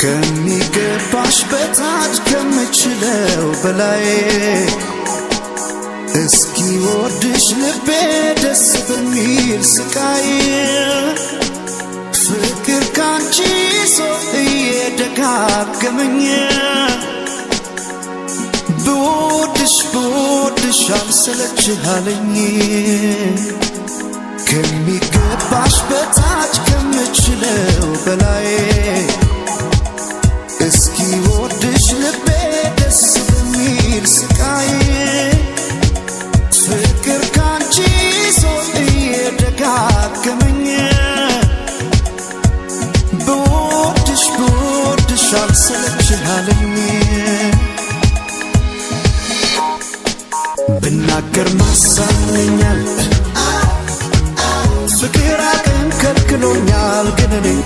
ከሚገባሽ በታች ከምችለው በላይ እስኪ ወድሽ ልቤ ደስ በሚል ስቃይ ፍቅር ካንቺ ሰው እየደጋገመኝ ብወድሽ ብወድሽ አልሰለችሃለኝ ከሚገባሽ በታች ከምችለው በላይ giving me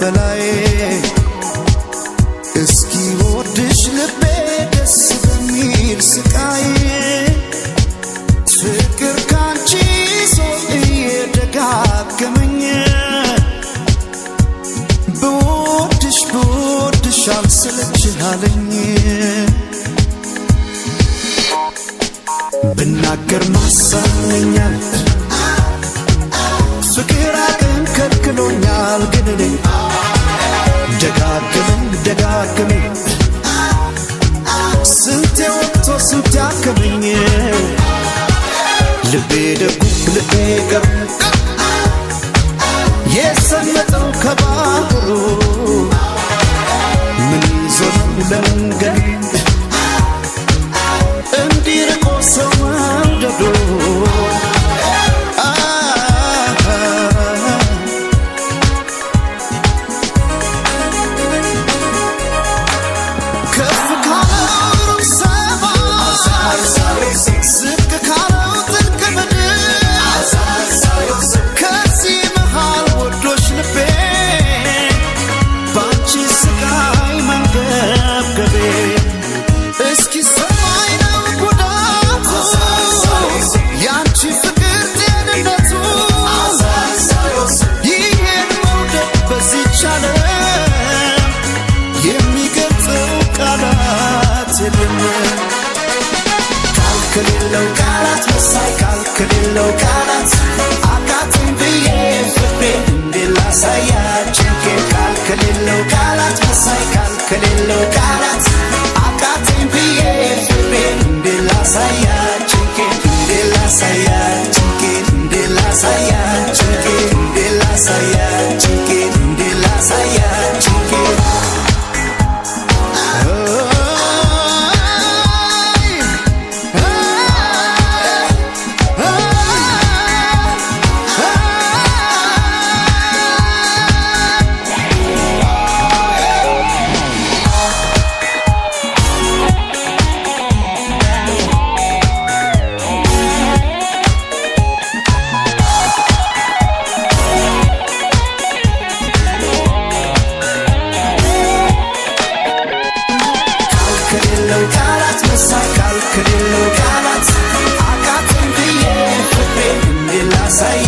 በላይ እስኪ ወድሽ ልቤ ደስ በሚል ስቃይ ፍቅር ካንቺ ሶል እየደጋገመኝ በወድሽ በወድሽ አልሰለችህ ብናገር ማሳመኛል ፍቅር ልቤ ደጉልቴ ገብ የሰመጠው ከባህሩ ምን ይዞ ለመንገድ ቃላት መሳይ ቃል ከሌለው ቃላት አካትን ብዬ ፍሬ እንዴት ላሳያችሁ ቃላት መሳይ ቃል ከሌለው ቃላት አካትን ብዬ ፍሬ say